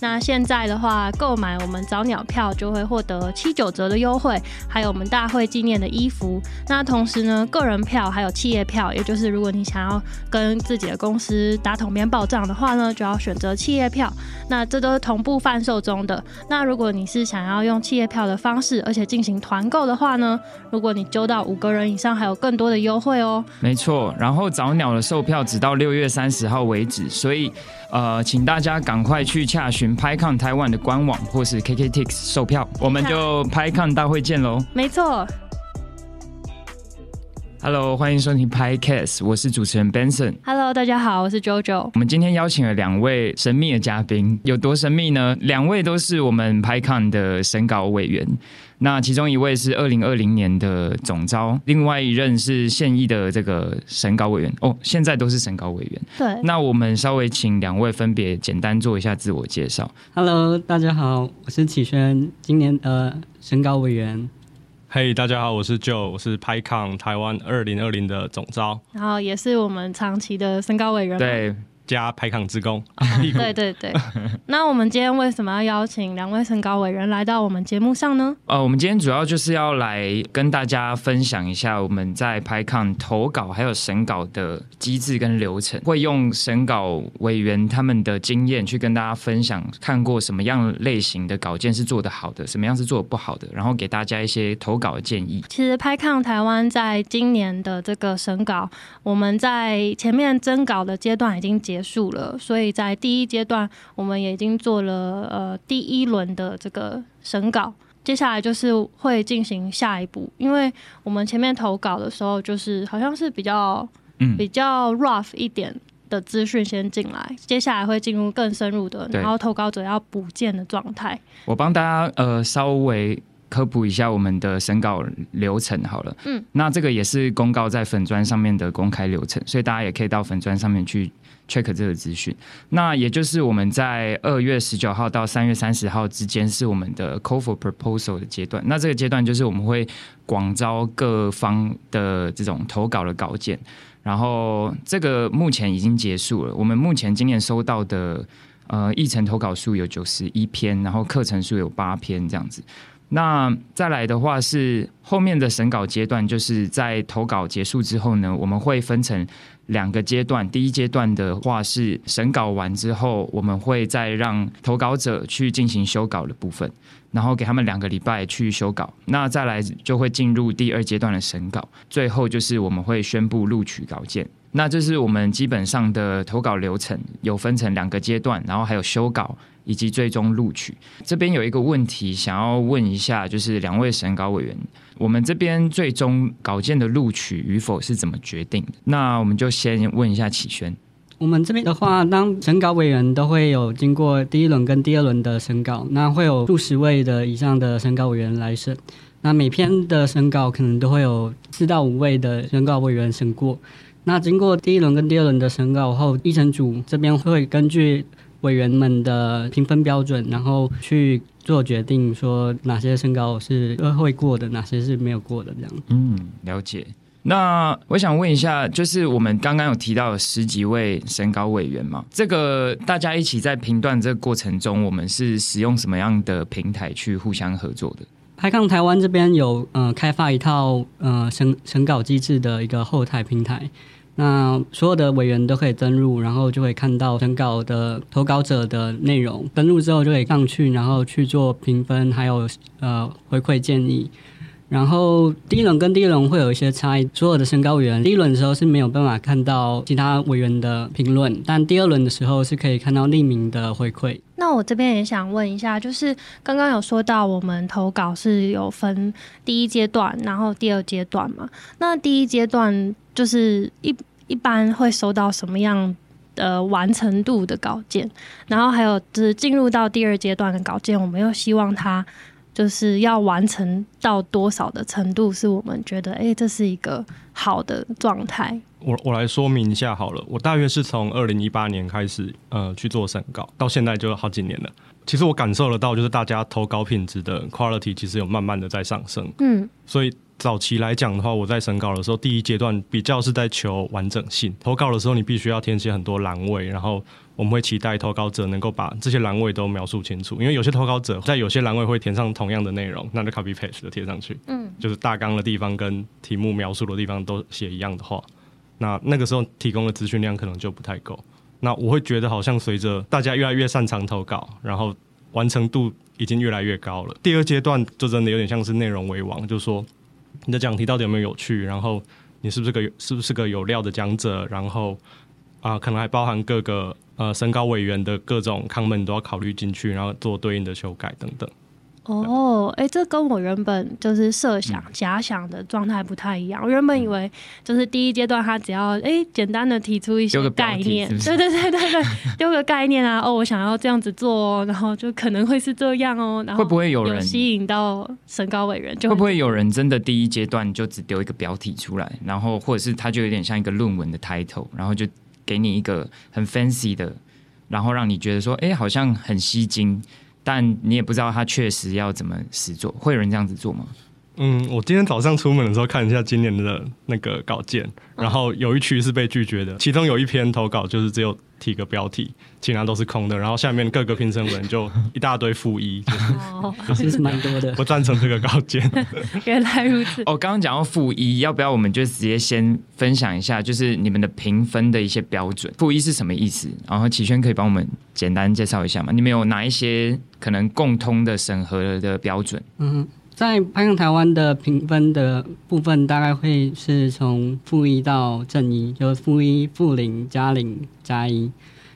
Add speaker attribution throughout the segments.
Speaker 1: 那現在的話，購買我們早鳥票就會獲得七九折的優惠，還有我們大會紀念的衣服。那同時呢，個人票還有企業票，也就是如果你想要跟自己的公司打統編報賬的話呢，就要選擇企業票。那這都是同步販售中的。那如果你是想要用企業票的方式，而且進行團購的話呢，如果你揪到五個人以上，還有更多的優惠哦。
Speaker 2: 沒錯，然後早鳥的售票直到六月三十號為止，所以呃，請大家趕快去洽詢。拍 i 台灣的官網或是 k k t x 售票。Hi. 我們就拍 i 大會見嘍。沒錯。Hello，歡迎收聽 p i c a s，我是主持人 Benson。
Speaker 1: Hello，大家好，我是 JoJo。我
Speaker 2: 們今天邀請了兩位神秘的嘉賓，有多神秘呢？兩位都是我們拍 i 的審稿委員。那其中一位是二零二零年的總召，另外一任是現役的這個審稿委員哦，現在都是審稿委員。對，那我們稍微請兩位分別簡單做一下自我介紹。
Speaker 3: Hello，大家好，我是啟軒，今年呃審稿委員。
Speaker 4: Hey，大家好，我是 Joe，我是 PyCon 台灣二零二零的總召，
Speaker 3: 然、oh,
Speaker 1: 後也是我們長期的審稿委員、啊。對。
Speaker 4: 加 PyCon 志工，哦，
Speaker 1: 對對對。 那我們今天為什麼要邀請兩位審稿委員來到我們節目上呢？
Speaker 2: 呃，我們今天主要就是要來跟大家分享一下我們在 PyCon 投稿還有審稿的機制跟流程，會用審稿委員他們的經驗去跟大家分享，看過什麼樣類型的稿件是做得好的，什麼樣是做得不好的，然後給大家一些投稿的建議。
Speaker 1: 其實 PyCon 台灣在今年的這個審稿，我們在前面徵稿的階段已經結。結束了，所以在第一階段，我們也已經做了呃第一輪的這個審稿，接下來就是會進行下一步。因為我們前面投稿的時候，就是好像是比較嗯比較 rough 一點的資訊先進來，接下來會進入更深入的，然後投稿者要補件的狀態。對，
Speaker 2: 我幫大家呃稍微科普一下我們的審稿流程好了，嗯，那這個也是公告在粉專上面的公開流程，所以大家也可以到粉專上面去。Check 這個資訊，那也就是我們在二月十九號到三月三十號之間是我們的 Call for Proposal 的階段。那這個階段就是我們會廣招各方的這種投稿的稿件。然後這個目前已經結束了，我們目前今年收到的呃議程投稿數有九十一篇，然後課程數有八篇這樣子。那再來的話是後面的審稿階段，就是在投稿結束之後呢，我們會分成。兩個階段，第一階段的話是審稿完之後，我們會再讓投稿者去進行修稿的部分，然後給他們兩個禮拜去修稿，那再來就會進入第二階段的審稿，最後就是我們會宣布錄取稿件。那這是我們基本上的投稿流程，有分成兩個階段，然後還有修稿。以及最終錄取，這邊有一個問題想要問一下，就是兩位審稿委員，我們這邊最終稿件的錄取與否是怎麼決定的？那我們就先問一下啟軒。
Speaker 3: 我們這邊的話，當審稿委員都會有經過第一輪跟第二輪的審稿，那會有數十位的以上的審稿委員來審。那每篇的審稿可能都會有四到五位的審稿委員審過。那經過第一輪跟第二輪的審稿後，議程組這邊會根據委員們的評分標準，然後去做決定，說哪些審稿是會過的，哪些是沒有過的這樣。嗯，了解。
Speaker 2: 那我想問一下，就是我們剛剛有提到十幾位審稿委員嘛，這個大家一起在評斷這個過程中，我們是使用什麼樣的平台去互相合作的
Speaker 3: ？PyCon 台灣這邊有呃開發一套呃審審稿機制的一個後台平台。那所有的委員都可以登錄，然後就會看到審稿的投稿者的內容。登錄之後就可以上去，然後去做評分，還有呃回饋建議。然後第一輪跟第二輪會有一些差異。所有的審稿委員第一輪的時候是沒有辦法看到其他委員的評論，但第二輪的時候是可以看到匿名的回饋。
Speaker 1: 那我這邊也想問一下，就是剛剛有說到我們投稿是有分第一階段，然後第二階段嘛。那第一階段就是一一般會收到什麼樣的完成度的稿件？然後還有就是進入到第二階段的稿件，我們又希望他……就是要完成到多少的程度，是我們覺得哎、欸，這是一個好的狀態。
Speaker 4: 我我來說明一下好了，我大約是從二零一八年開始呃去做審稿，到現在就好幾年了。其實我感受得到，就是大家投稿品質的 quality 其實有慢慢的在上升。嗯，所以早期來講的話，我在審稿的時候，第一階段比較是在求完整性。投稿的時候，你必須要填寫很多欄位，然後，我們會期待投稿者能夠把這些欄位都描述清楚，因為有些投稿者在有些欄位會填上同樣的內容，那就 copy paste 的貼上去，嗯，就是大綱的地方跟題目描述的地方都寫一樣的話，那那個時候提供的資訊量可能就不太夠。那我會覺得好像隨着大家越來越擅長投稿，然後完成度已經越來越高了。第二階段就真的有點像是內容為王，就是說你的講題到底有沒有趣，然後你是不是個是不是個有料的講者，然後啊、呃，可能還包含各個。呃，審稿委員的各種 comment 都要考慮進去，然後做對應的修改等等。
Speaker 1: 哦，哎、欸，這跟我原本就是設想、嗯、假想的狀態不太一樣。我原本以為就是第一階段，他只要哎、欸、簡單的提出一些概念，對對對對對，丟個概念啊， 哦，我想要這樣子做、哦，然後就可能會是這樣哦。然後會不會有人吸引到審稿委員就會？會
Speaker 2: 不會有人真的第一階段就只丟一個標題出來，然後或者是他就有點像一個論文的 title，然後就。給你一個很 fancy 的，然後讓你覺得說，哎、欸，好像很吸睛，但你也不知道他確實要怎麼實作，會有人這樣子做嗎？
Speaker 4: 嗯，我今天早上出門的時候看一下今年的那個稿件，然後有一區是被拒絕的、嗯，其中有一篇投稿就是只有提個標題，其他都是空的，然後下面各個
Speaker 2: 評審人就一大堆負一 就，哦，其、
Speaker 1: 就、實是蠻多
Speaker 2: 的，不贊成這個稿件。
Speaker 1: 原來如此。我剛
Speaker 2: 剛講到負一，要不要我們就直接先分享一下，就是你們的評分的一些標準，負一是什麼意思？然後啟軒可以幫我們簡單介紹一下嗎？你們有哪一些可能共通的審核的標準？嗯。
Speaker 3: 在 PyCon 台灣的評分的部分，大概會是從負一到正一，就是負一、負零、加零、加一。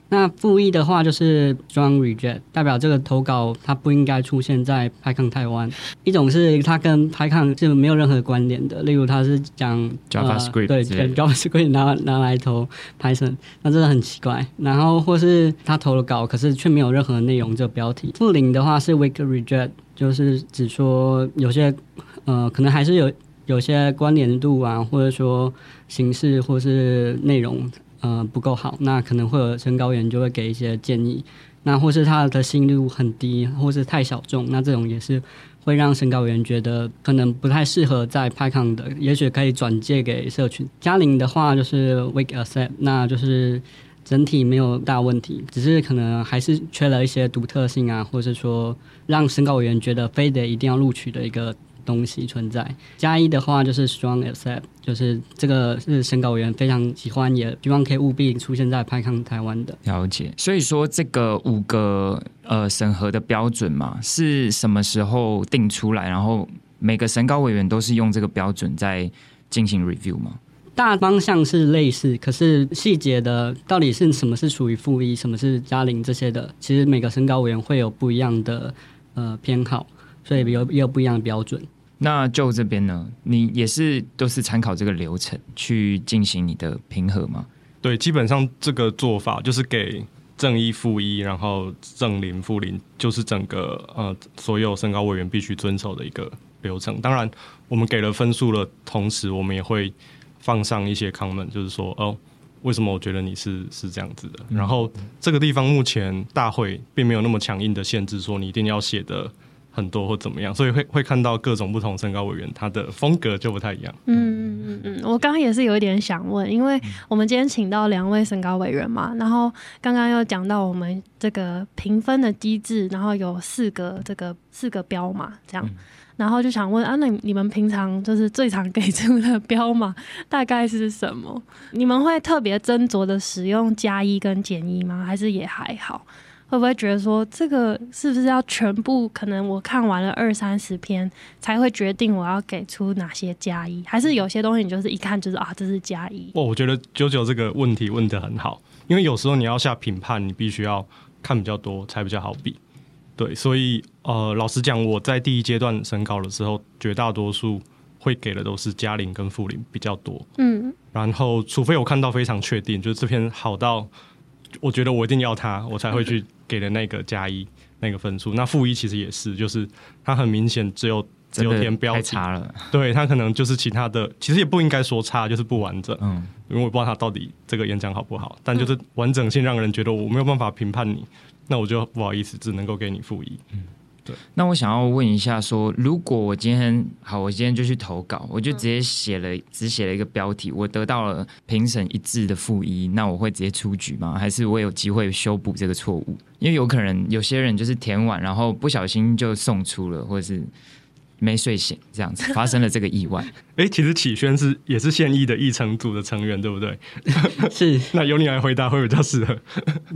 Speaker 3: 那負一的話就是 strong reject，代表這個投稿它不應該出現在 PyCon 台灣。一種是它跟 PyCon 是沒有任何關聯的，例如它是講 JavaScript，、呃、對 JavaScript 拿拿來投 Python，那真的很奇怪。然後或是他投了稿，可是卻沒有任何內容，這個、標題。負零的話是 weak reject。就是指說有些，呃，可能還是有有些關聯度啊，或者說形式或是內容呃不夠好，那可能會有審稿委員就會給一些建議。那或是他的心率很低，或是太小眾，那這種也是會讓審稿委員覺得可能不太適合在 PyCon 的，也許可以轉介給社群。嘉玲的話就是 weak accept，那就是。整體沒有大問題，只是可能還是缺了一些獨特性啊，或者說讓審稿委員覺得非得一定要錄取的一個東西存在。加一的話就是 strong accept，就是這個是審稿委員非常喜歡，也希望可以務必出現在 PyCon 台灣的。
Speaker 2: 了解。所以說這個五個呃審核的標準嘛，是什麼時候定出來？然後每個審稿委員都是用這個標準在進行 review 嗎？
Speaker 3: 大方向是類似，可是細節的到底是什麼是屬於負一，什麼是加零這些的，其實每個審稿委員會有不一樣的呃偏好，所以也有也有不一樣的標準。那
Speaker 2: 就這邊呢，你也是都是參考這個流程去進行你的評核嗎？
Speaker 4: 對，基本上這個做法就是給正一負一，然後正零負零，就是整個呃所有審稿委員必須遵守的一個流程。當然，我們給了分數的同時，我們也會。放上一些 comment，就是說哦，為什麼我覺得你是是這樣子的？嗯。然後這個地方目前大會並沒有那麼強硬的限制，說你一定要寫的很多或怎麼樣，所以會會看到各種不同審稿委員他的風格就不太一樣。
Speaker 1: 嗯嗯嗯嗯，我剛剛也是有一點想問，因為我們今天請到兩位審稿委員嘛，然後剛剛又講到我們這個評分的機制，然後有四個這個四個標嘛，這樣。嗯然後就想問啊，那你們平常就是最常給出的標碼大概是什麼？你們會特別斟酌的使用加一跟減一嗎？還是也還好？會不會覺得說這個是不是要全部？可能我看完了二三十篇才會決定我要給出哪些加一，還是有些東西你就是一看就是啊，這是加一。
Speaker 4: 哦，我覺得九九這個問題問得很好，因為有時候你要下評判，你必須要看比較多才比較好比。對，所以呃，老實講，我在第一階段審稿的時候，絕大多數會給的都是加零跟負零比較多。嗯，然後除非我看到非常確定，就是這篇好到我覺得我一定要它，我才會去給的那個加一那個分數。那負一其實也是，就是它很明顯只有只有填標題太差了。對，它可能就是其他的，其實也不應該說差，就是不完整。嗯，因為我不知道它到底這個演講好不好，但就是完整性讓人覺得我沒有辦法評判你。那我就不好意
Speaker 2: 思，只能夠給你負一。嗯，對。那我想要問一下說，說如果我今天好，我今天就去投稿，我就直接寫了，只寫了一個標題，我得到了評審一致的負一，那我會直接出局嗎？還是我有機會修補這個錯誤？因為有可能有些人就是填完，然後不小心就送出了，或者是。沒睡醒，這樣子
Speaker 3: 發生
Speaker 4: 了這
Speaker 2: 個意外。哎、 欸，其實啟軒是也是現役的議程組的成員，對不對？
Speaker 4: 是。 那由你來回答會比較適合。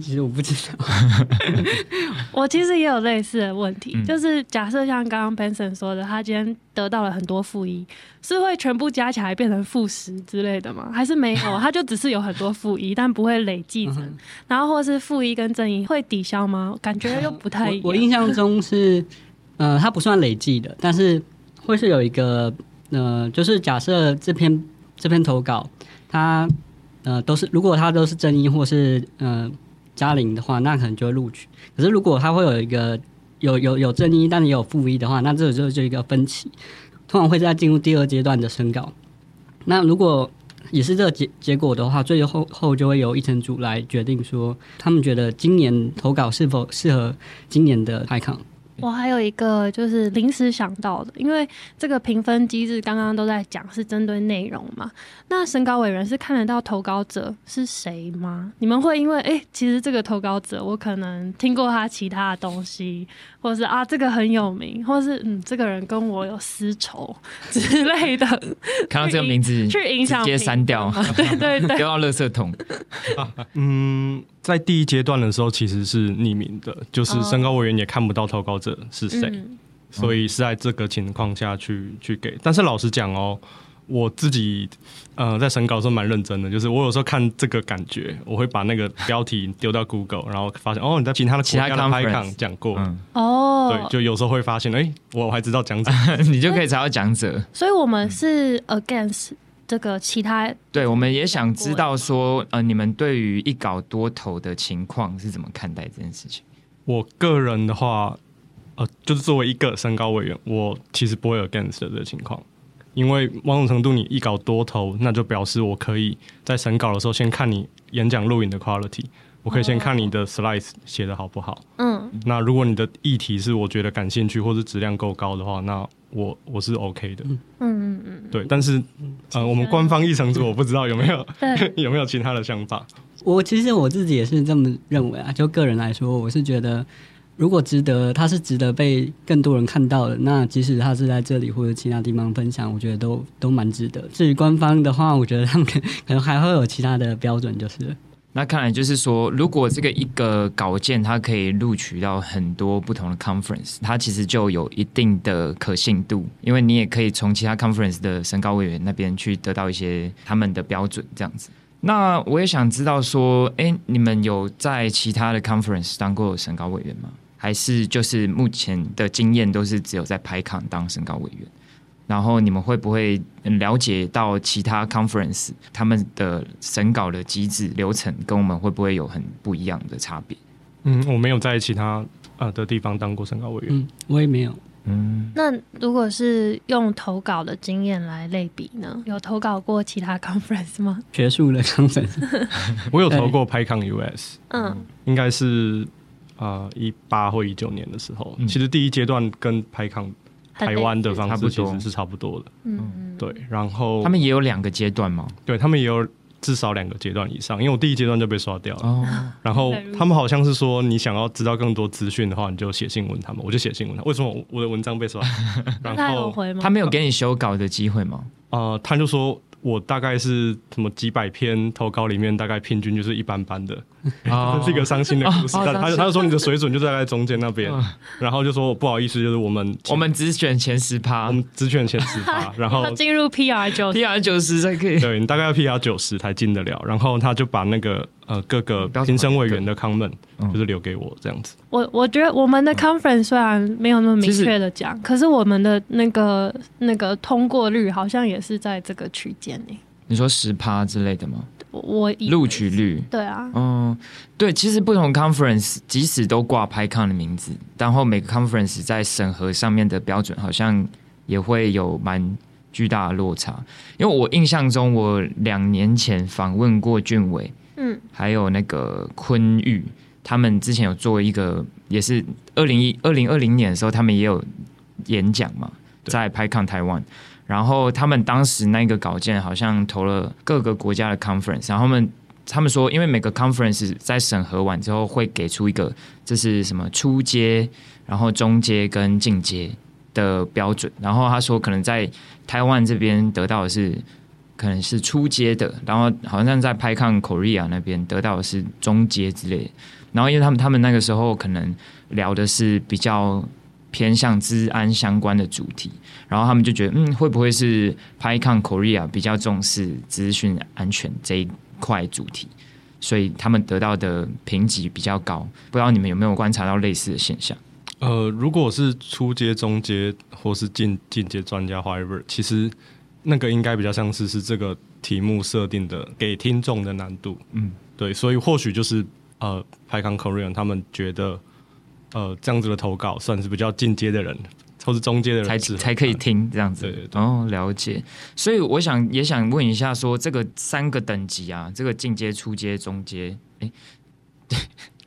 Speaker 3: 其實我不知道
Speaker 1: 我其實也有類似的問題，嗯、就是假設像剛剛 Benson 說的，他今天得到了很多負一，是會全部加起來變成負十之類的嗎？還是沒有？他就只是有很多負一， 但不會累計成，嗯。然後，或是負一跟正一會抵消嗎？感覺又不太一樣。嗯、我，我印象
Speaker 3: 中是。 呃，它不算累計的，但是會是有一個，呃，就是假設這篇這篇投稿，它，呃，都是如果它都是正一或是呃加零的話，那可能就會錄取。可是如果它會有一個有有有正一，但也有負一的話，那這就是就一個分歧，通常會在進入第二階段的審稿。那如果也是這個結結果的話，最後後就會由議程組來決定說，他們覺得今年投稿是否適合今年的 PyCon。我
Speaker 1: 還有一個就是臨時想到的，因為這個評分機制剛剛都在講是針對內容嘛。那審稿委員是看得到投稿者是誰嗎？你們會因為哎、欸，其實這個投稿者我可能聽過他其他的東西，或者是啊這個很有名，或者是嗯這個人跟我有私仇之類的，
Speaker 2: 看到這個名字
Speaker 4: 去
Speaker 1: 影響直
Speaker 2: 接刪掉、
Speaker 1: 啊，對對對，丟
Speaker 2: 到垃圾
Speaker 4: 桶、 啊。嗯，在第一階段的時候其實是匿名的，就是審稿委員也看不到投稿者。的是誰、嗯？所以是在這個情況下去去給。但是老實講哦，我自己呃在審稿的時候蠻認真的，就是我有時候看這個感覺，我會把那個標題丟到 Google， 然後發現哦你在其他的,的其他 PyCon
Speaker 2: 講過
Speaker 1: 哦、嗯，對，就
Speaker 2: 有時候會發現哎，我還知道講者，嗯、 你就可以查到講者。
Speaker 1: 所以我們是 against 這個其他、嗯、
Speaker 2: 對，我們也想知道說呃你們對於一稿多投的情況是怎麼看待這件事情？我
Speaker 4: 個人的話。呃，就是作為一個審稿委員，我其實不會有 against 的這個情況，因為某種程度，你一稿多投，那就表示我可以，在審稿的時候先看你演講錄影的 quality，我可以先看你的 slide 寫的好不好，哦。嗯。那如果你的議題是我覺得感興趣或是質量夠高的話，那我我是 OK 的。嗯嗯嗯。對，但是呃，我們官方議程組我不知道有沒有 有沒有其他的想法。
Speaker 3: 我其實我自己也是這麼認為啊，就個人來說，我是覺得。如果值得，他是值得被更多人看到的。那即使他是在這裡或者其他地方分享，我覺得都都蠻值得。至於官方的話，我覺得他們可能還會有其他的標準，就是。
Speaker 2: 那看來就是說，如果這個一個稿件它可以錄取到很多不同的 conference，它其實就有一定的可信度，因為你也可以從其他 conference 的審稿委員那邊去得到一些他們的標準，這樣子。那我也想知道說，哎、欸，你們有在其他的 conference 當過審稿委員嗎？還是就是目前的經驗都是只有在 PyCon 當審稿委員，然後你們會不會了解到其他 conference 他們的審稿的機制流程跟我們會不會有很不一樣的差別？嗯，我沒有在其他的呃的地方當過審稿委員，嗯，我也沒有，嗯。
Speaker 1: 那如果是用投稿的經驗來類比呢？有投稿過其他 conference 嗎？
Speaker 4: 學術的 conference，
Speaker 1: 我有投
Speaker 4: 過 PyCon US，嗯，嗯，應該是。啊、呃，一八或一九年的時候，嗯、其實第一階段跟 PyCon 台灣的方式其實是差不多的。嗯，對。嗯、對，然後他們也有兩個階段嗎？對，他們也有至少兩個階段以上，因為我第一階段就被刷掉了。哦。然後他們好像是說，你想要知道更多資訊的話，你就寫信問他們。我就寫信問他們，為什麼我的文章被刷？ 然後他沒有給你修稿的機會嗎？嗯？呃，他就說。我大概是什麼幾百篇投稿裡面，大概平均就是一般般的，oh. 這是一個傷心的故事。Oh. Oh, 他就、oh, 他就說你的水準就在那中間那邊，oh. 然後就說我不好意思，就是我們 我們只選前十趴， 我們只選前十趴，然後進
Speaker 1: 入 PR 九十
Speaker 4: ，PR 九十才可以。 對你大概要 PR 九十才進得了，然後他就把那個。呃，各個評審委員的 comment、嗯、就是留給我這樣子。
Speaker 1: 我我覺得我們的 conference 雖然沒有那麼明確的講、嗯，可是我們的那個那個通過率好像也是在這個區間內。
Speaker 2: 你說十趴之類的嗎？我錄取率。對啊。嗯，對，其實不同 conference 即使都掛 PyCon 的名字，然後每個 conference 在審核上面的標準好像也會有蠻巨大的落差。因為我印象中，我兩年前訪問過俊偉。嗯，還有那個坤玉，他們之前有做一個，也是二零一二零二零年的時候，他們也有演講嘛，在 PyCon 台灣，然後他們當時那個稿件好像投了各個國家的 conference，然後他們他們說，因為每個 conference 在審核完之後會給出一個這是什麼初階，然後中階跟進階的標準。然後他說，可能在台灣這邊得到的是。可能是初階的，然後好像在 PyCon Korea 那邊得到的是中階之類，然後因為他們他們那個時候可能聊的是比較偏向資安相關的主題，然後他們就覺得嗯，會不會是 PyCon Korea 比較重視資訊安全這一塊主題，所以他們得到的評級比較高，不知道你們有沒有觀察到類似的現象？
Speaker 4: 呃，如果是初階、中階或是進進階專家 however 其實。那個應該比較像是是這個題目設定的給聽眾的難度，嗯，對，所以或許就是呃，PyCon Korean 他們覺得呃
Speaker 2: 這樣子的投稿算是比較進階的人，或是中階的人才才可以聽這樣子，對，對，哦，了解。所以我想也想問一下說，說這個三個等級啊，這個進階、初階、中階，哎，對，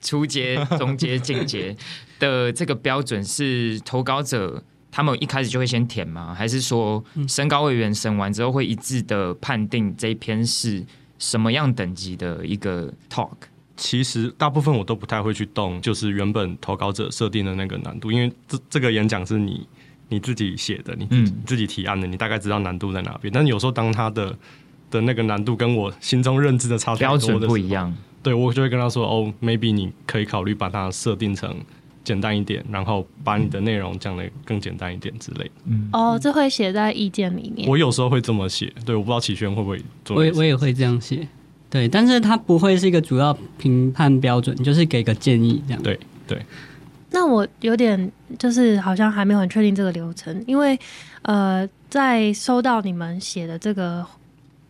Speaker 2: 初階、中階、進 階的這個標準是投稿者。他們一開始就會先填嗎？還是說，審稿委員審完之後會一致的判定這一篇是什麼樣等級的一個 talk？其實大部分我都不太會去動，就是原本投稿者
Speaker 4: 設定的那個難度，因為這這個演講是你你自己寫的，你自己你、嗯、你自己提案的，你大概知道難度在哪邊。但有時候當他的的那個難度跟我心中認知的差別標準不一樣，對我就會跟他說：“哦，maybe 你可以考慮把它設定成。”簡單一點，然後把你的內容講的更簡單一點之類。嗯，
Speaker 1: 哦，這會寫在意見
Speaker 3: 裡面。我
Speaker 4: 有時候會這麼寫，對，我不知道啟軒會不會做，我也我也
Speaker 3: 會這樣寫，對，但是它不會是一個主要評判標準，就是給個建議這樣。對對。
Speaker 1: 那我有點就是好像還沒有很確定這個流程，因為呃，在收到你們寫的這個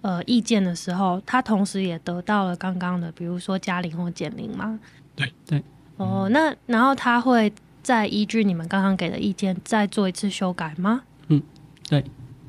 Speaker 1: 呃意見的時候，它同時也得到了剛剛的，比如說加零或減零嘛。對對。哦、oh,，那然後他會再依據你們剛剛給的意見再做一次修改嗎？嗯，
Speaker 3: 對，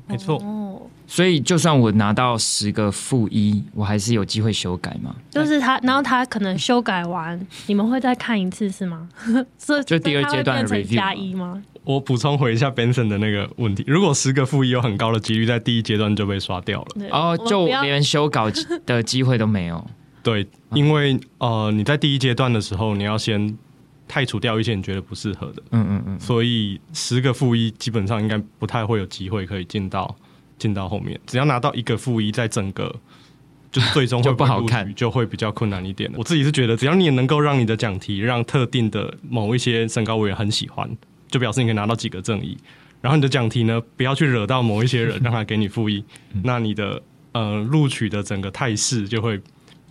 Speaker 1: 沒錯。哦、oh,，
Speaker 2: 所以就算我拿到十個負一，我還是有機會修改嗎？
Speaker 1: 就是他，然後他可能修改完， 你們會再看一次是嗎？這
Speaker 2: 就
Speaker 4: 第二階段的加一嗎？我補充回一下 Benson 的那個問題：如果十個負一有很高的幾率在第一階段就被刷掉了，哦、oh,，就連修稿的機會都沒有。 對，因為呃，你在第一階段的時候，你要先汰除掉一些你覺得不適合的，嗯嗯嗯，所以十個負一基本上應該不太會有機會可以進到進到後面，只要拿到一個負一，在整個就是最終會，不，會不好看，就會比較困難一點。我自己是覺得，只要你也能夠讓你的講題讓特定的某一些審稿委員很喜歡，就表示你可以拿到幾個正一。然後你的講題呢，不要去惹到某一些人 讓他給你負一，那你的呃錄取的整個態勢就會。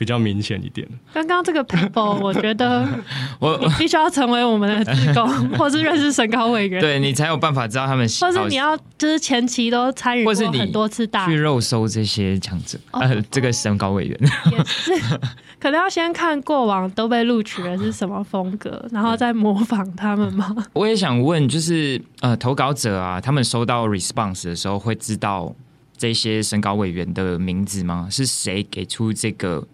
Speaker 4: 比
Speaker 2: 較明顯一點。
Speaker 1: 剛剛這個 people，我覺得
Speaker 2: 我
Speaker 4: 必
Speaker 1: 須要成為我們的志工， 或是認識審稿委員，對，
Speaker 2: 你才有辦法知道他們，或是你要
Speaker 1: 就是前期都參與過很多次大，去
Speaker 2: 肉搜這些強者、哦、呃這個審稿委員
Speaker 1: 是可能要先看過往都被錄取了是什麼風格， 然後再模仿他們嗎？嗯、
Speaker 2: 我也想問，就是呃投稿者啊，他們收到 response 的時候會知道這些審稿委員的名字嗎？是誰給出這個？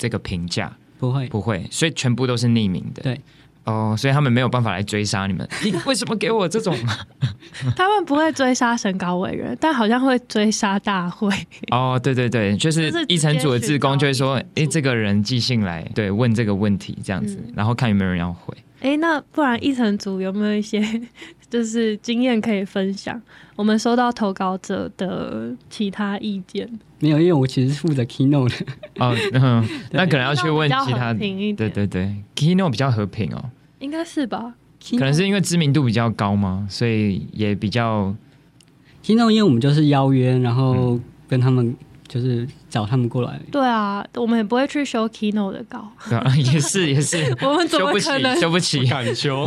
Speaker 2: 這個評價不會不會，所以全部都是匿名的。對哦，oh, 所以他們沒有辦法來追殺你們。 你為什麼給我這種？
Speaker 1: 他們不會追殺審稿委員，但好像會追殺大會。
Speaker 2: 哦、oh, 對對對，就是一層組的志工就會說：“哎，這個人寄信來，對，問這個問題這樣子，嗯，然後看有沒有人要回。”
Speaker 1: 哎，那不然一層組有沒有一些？就是經驗可以分享。我們收到投稿者的其他意見，
Speaker 3: 沒有，因為我其實是負責 keynote、哦、嗯，
Speaker 2: 那可能要去問其他。對對對 keynote 比較和平哦，
Speaker 1: 應該是吧
Speaker 3: ？keynote？可能是因為知名度比較高嘛，所以也比較 keynote 因為我們就是邀約，然後跟他們就是找他們過來。嗯、
Speaker 1: 對啊，我們也不會去修 keynote 的稿。
Speaker 3: 也是也是。我們怎麼修不起，修不起，不敢修。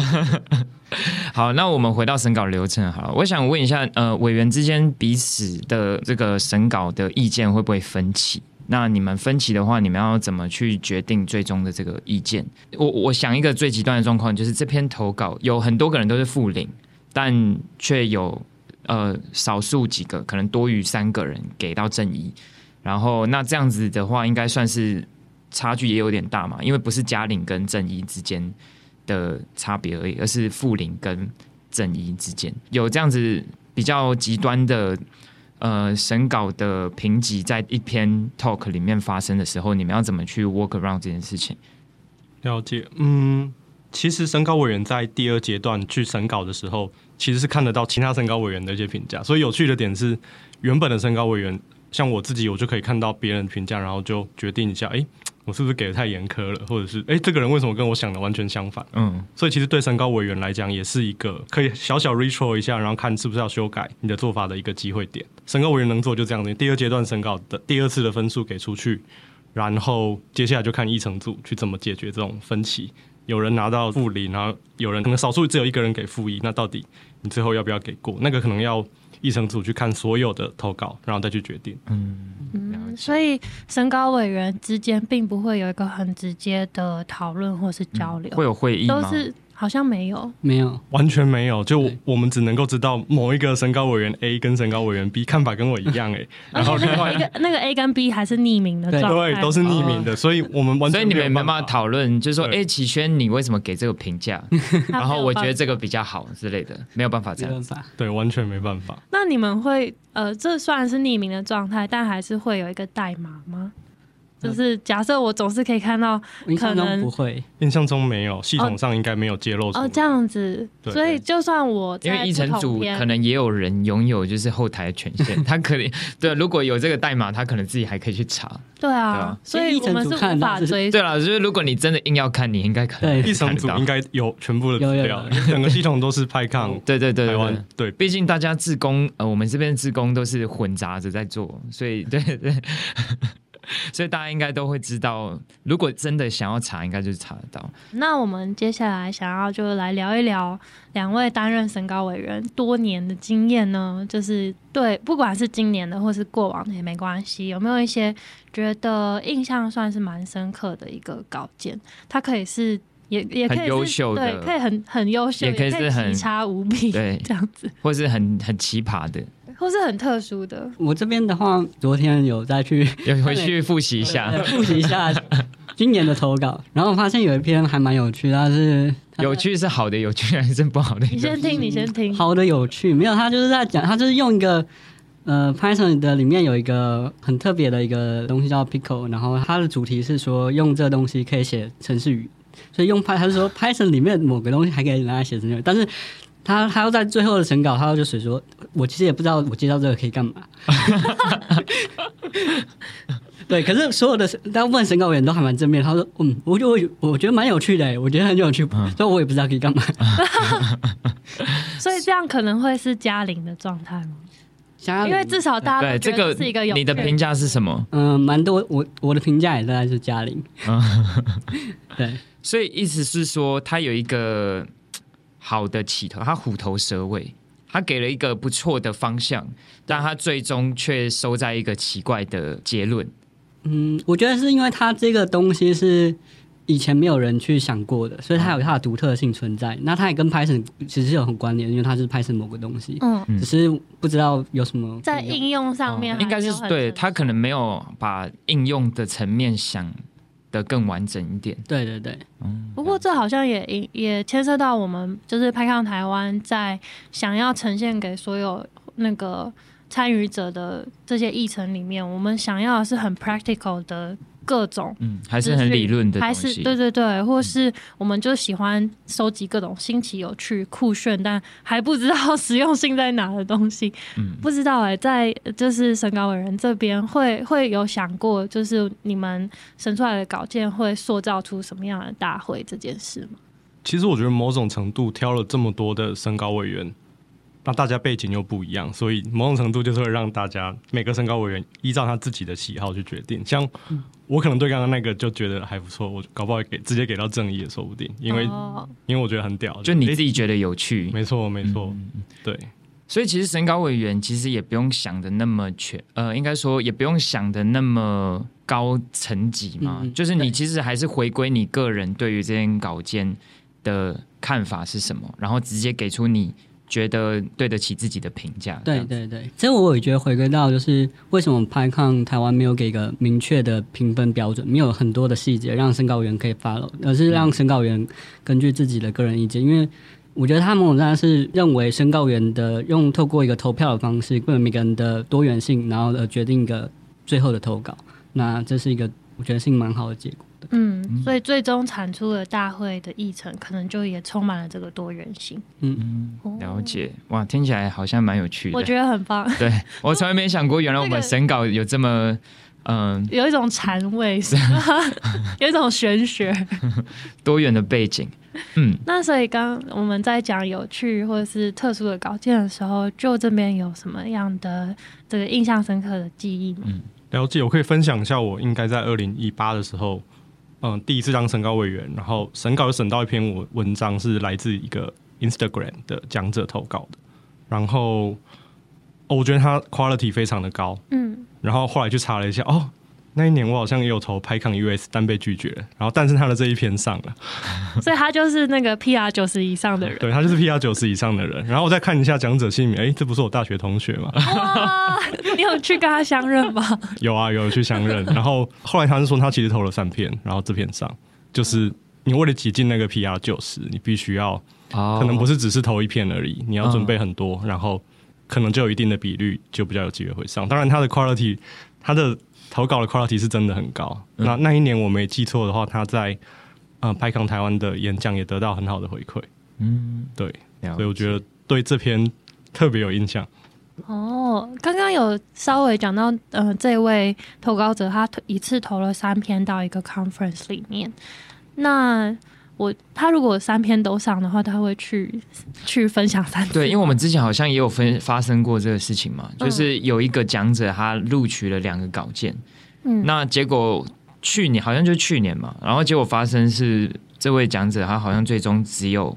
Speaker 2: 好，那我們回到審稿流程好了。我想問一下，呃，委員之間彼此的這個審稿的意見會不會分歧？那你們分歧的話，你們要怎麼去決定最終的這個意見？我我想一個最極端的狀況，就是這篇投稿有很多個人都是負零，但卻有呃少數幾個可能多於三個人給到正一，然後那這樣子的話，應該算是差距也有點大嘛，因為不是加零跟正一之間。的差別而已，而是負零跟正一之間，有這樣子比較極端的呃審稿的評級，在一篇 talk 裡面發生的時候，你們要怎麼去 work around 這件事情？
Speaker 4: 了解。嗯，其實審稿委員在第二階段去審稿的時候，其實是看得到其他審稿委員的一些評價，所以有趣的點是，原本的審稿委員像我自己，我就可以看到別人的評價，然後就決定一下，哎、欸。我是不是給的太嚴苛了，或者是哎、欸，這個人為什麼跟我想的完全相反？嗯，所以其實對審稿委員來講，也是一個可以小小 retro 一下，然後看是不是要修改你的做法的一個機會點。審稿委員能做就這樣的，第二階段審稿的第二次的分數給出去，然後接下來就看議程組去怎麼解決這種分歧。有人拿到負零，然後有人可能少數只有一個人給負一，那到底你最後要不要給過？那個可能要議程組去看所有的投稿，然後再去決定。嗯。
Speaker 1: 所以，審稿委員之間並不會有一個很直接的討論或是交流，嗯，會有會議嗎？都是。好像沒有，
Speaker 4: 沒有，完全沒有。就我們只能夠知道某一個審稿委員 A 跟審稿委員 B 看
Speaker 2: 法跟我一樣哎、欸，
Speaker 4: 然後另外
Speaker 1: 那個、那個 A 跟 B 還是匿名的狀態，對，都是匿名
Speaker 2: 的、哦。所以我們完全沒有辦法討論，就是說，哎，啟軒，你為什麼給這個評價？然後我覺得這個比較好之類的，沒有辦法這樣， 對，完全沒辦法。
Speaker 1: 那你們會呃，這算是匿名的狀態，但還是會有一個代碼嗎？就是假設我總是可以看到，印象中不
Speaker 2: 會，印象中沒有，系統上應該沒有揭露
Speaker 4: 的。哦，
Speaker 1: 哦這樣子，對，對，所以就算我因為議程組可
Speaker 2: 能也有人擁有就是後台的權限，可的權限 他可能對，如果有這個代碼，他可能自己還可以去查。對啊，
Speaker 1: 對啊，所以我們是無法追。所以了對
Speaker 2: 了，就是如果你真的硬要看，你應該可能對，議程組應該有全部的資料，整個系統都是 PyCon。對對對對，對，畢竟大家志工呃，我們這邊志工都是混雜着在做，所以對對，對。 所以大家應該都會知道，如果真的想要查，應該就是查得到。
Speaker 1: 那我們接下來想要就來聊一聊兩位擔任審稿委員多年的經驗呢，就是對，不管是今年的或是過往的也沒關係，有沒有一些覺得印象算是蠻深刻的一個稿件？它可以是也也可以是很優秀的，對，可以很很優秀，也可以是很也可以奇差無比，對，
Speaker 3: 這樣子，或是很很奇葩的。
Speaker 1: 或是很特殊
Speaker 3: 的。我這邊的話，昨天有再去有回去複習一下，對對對，複習一下今年的投稿， 然後發現有一篇還蠻有趣的，但是它的有趣是好的，有趣還是不好的？你先聽，
Speaker 1: 你先聽。好
Speaker 3: 的有趣，沒有，他就是在講，他就是用一個呃 Python 的裡面有一個很特別的一個東西叫 pickle，然後它的主題是說用這東西可以寫程式語，所以用派他是說 Python 裡面某個東西還可以拿來寫程式語，但是。他他要在最後的審稿，他要就是說，我其實也不知道我接到這個可以幹嘛。 對，可是所有的大部分審稿人都還蠻正面，他說，嗯，我就我，我覺得蠻有趣的，我覺得很有趣，嗯、所以我也不知道可以幹嘛。嗯、
Speaker 1: 所以這樣可能會是嘉玲的狀態
Speaker 3: 嗎？因為至少大家對這個是一個的、這個，你的評價是什麼？嗯，蠻多我我的評價也大概是嘉玲。嗯、
Speaker 2: 對，所以意思是說他有一個。好的，起頭，他虎頭蛇尾，他給了一個不錯的方向，但他最終卻收在一個奇怪的結論。
Speaker 3: 嗯，我覺得是因為他這個東西是以前沒有人去想過的，所以他有他的獨特性存在。啊、那他也跟 Python 其實有很關聯，因為他是 Python 某個東西，嗯，只是不知道有什麼在應
Speaker 1: 用上面、哦，應該是對，
Speaker 3: 他可能沒有把應用的層面想。
Speaker 2: 的更完整一點，對對對，嗯，
Speaker 1: 不過這好像也也牽涉到我們就是 PyCon 台灣在想要呈現給所有那個參與者的這些議程裡面，我們想要的是很 practical 的。各種、嗯，還是很理論的東西，還是對對對，或是我們就喜歡收集各種新奇、有趣、酷炫，但還不知道實用性在哪的東西。嗯，不知道哎、欸，在就是審稿委員這邊會會有想過，就是你們審出來的稿件會塑造出什麼樣的大會這件事嗎？
Speaker 4: 其實我覺得某種程度挑了這麼多的審稿委員，那大家背景又不一樣，所以某種程度就是會讓大家每個審稿委員依照他自己的喜好，去決定，像。嗯我可能對剛剛那個就覺得還不錯，我搞不好給直接給到正義也說不定，因為、哦、因為我覺得很屌，就你自己
Speaker 2: 覺得有趣，沒錯沒錯、嗯，對，所以其實審稿委員其實也不用想的那麼全，呃，應該說也不用想的那麼高層級嘛、嗯，就是你其實還是回歸你個人對於這件稿件的看法是什麼，然後直接給出你。覺得對得起自己的評價。對對
Speaker 3: 對，所以我也覺得回歸到就是為什麼 PyCon 台灣沒有給一個明確的評分標準，沒有很多的細節讓審稿員可以 follow，而是讓審稿員根據自己的個人意見。因為我覺得他們實際是認為審稿員的用透過一個投票的方式，為了每個人的多元性，然後呃決定一個最後的投稿。那這是一個我覺得是蠻好的結果。
Speaker 1: 嗯，所以最終產出的大會的議程，可能就也充滿了這個多元性。
Speaker 2: 嗯嗯，了解，哇，聽起來好像蠻有趣的。我覺得
Speaker 1: 很棒。對，
Speaker 2: 我從來沒想過，原來我們審稿有這麼嗯、這個
Speaker 1: 呃，有一種禪味，是是有一種玄學，
Speaker 2: 多元的背景。
Speaker 1: 嗯，那所以剛，剛我們在講有趣或者是特殊的稿件的時候，就這邊有什麼樣的這個印象深刻的記憶？嗯，
Speaker 4: 了解，我可以分享一下，我應該在二零一八的時候。嗯，第一次當審稿委員，然後審稿又審到一篇文文章，是來自一個 Instagram 的講者投稿的，然後我覺得他 quality 非常的高，嗯，然後後來就查了一下，哦。那一年我好像也有投 PyCon US，但被拒絕，然後但是他的這一篇上了，
Speaker 1: 所以他就是那個 PR 九十以上的人。
Speaker 4: 對，他就是 PR 九十以上的人。然後我再看一下講者姓名，哎，這不是我大學同學嗎？
Speaker 1: 哦、 你有去跟他相認嗎？
Speaker 4: 有啊，有去相認。然後後來他是說他其實投了三篇，然後這篇上，就是你為了擠進那個 PR 九十，你必須要、哦、可能不是只是投一篇而已，你要準備很多，嗯、然後可能就有一定的比率就比較有機會上。當然他的 quality，他的。投稿的 quality 是真的很高。嗯、那那一年我沒記錯的話，他在呃、PyCon 台灣的演講也得到很好的回饋。嗯，對，所以我覺得對這篇特別有印象。
Speaker 1: 哦，剛剛有稍微講到，呃，這位投稿者他一次投了三篇到一個 conference 裡面，那。我他如果三篇都上的話，他會去去分享三。對，因為我們之
Speaker 2: 前好像也有分、嗯、發生過這個事情嘛，就是有一個講者他錄取了兩個稿件，嗯，那結果去年好像就去年嘛，然後結果發生是這位講者他好像最終只有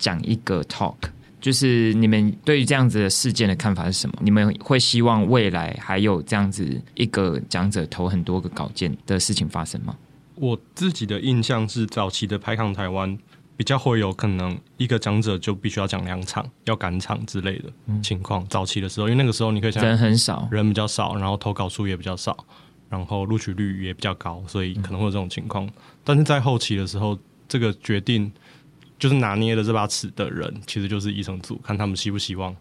Speaker 2: 講一個 talk，就是你們對於這樣子的事件的看法是什麼？你們會希望未來還有這樣子一個講者投很多個稿件的事情發生嗎？
Speaker 4: 我自己的印象是，早期的 PyCon 台灣比較會有可能一個講者就必須要講兩場，要趕場之類的情況、嗯。早期的時候，因為那個時候你可以想人，人很少，人比較少，然後投稿數也比較少，然後錄取率也比較高，所以可能會有這種情況、嗯。但是在後期的時候，這個決定就是拿捏的這把尺的人，其實就是議程組，看他們希不希望。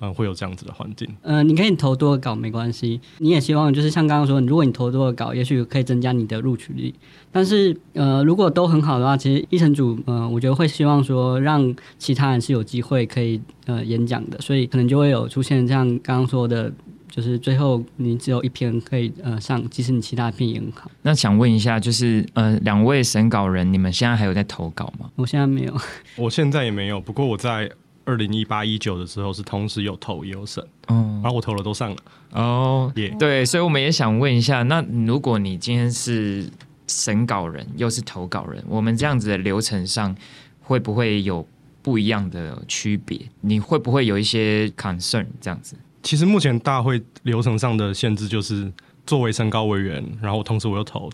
Speaker 4: 嗯，會有這樣子的環
Speaker 3: 境。嗯、呃，你可以投多個稿沒關係，你也希望就是像剛剛說，如果你投多個稿，也許可以增加你的錄取率。但是，呃，如果都很好的話，其實議程組，嗯、呃，我覺得會希望說讓其他人是有機會可以呃演講的，所以可能就會有出現像剛剛說的，就是最後你只有一篇可以呃上，即使你其他篇也很好。那
Speaker 2: 想問一下，就是呃，兩位審稿人，
Speaker 3: 你們現在還有在投稿嗎？
Speaker 2: 我現在沒有， 我現在也沒有，不過我在。二零一八一九的時候是同時有投也有審，嗯、哦，然後我投了都上了哦、yeah，對，所以我們也想問一下，那如果你今天是審稿人又是投稿人，我們這樣子的流程上會不會有不一樣的區別？你會不會有一些 concern 這樣子？其實目前大會
Speaker 4: 流程上的限制就是作為審稿委員，然後同時我又投，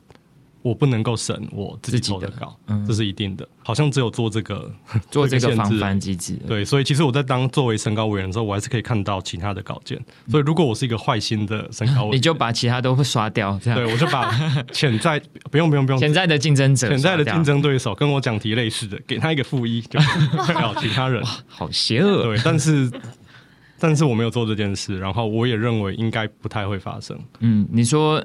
Speaker 4: 我不能夠審我自己的稿己的、嗯，這是一定的。好像只有做這個做這個防範
Speaker 2: 機制，對。
Speaker 4: 所以其實我在當作為審稿委員的時候，我還是可以看到其他的稿件。嗯、所以如果我是一個壞心的審稿委員，你就把其他都會刷掉，這樣對。我就把潛在 不用不用不用潛在的競爭者、潛在的競爭對手跟我講題類似的，給他一個負一，就了其他人。 好邪惡，對。但是但是我沒有做這件事，然後我也認為
Speaker 2: 應該不太會發生。嗯，你說。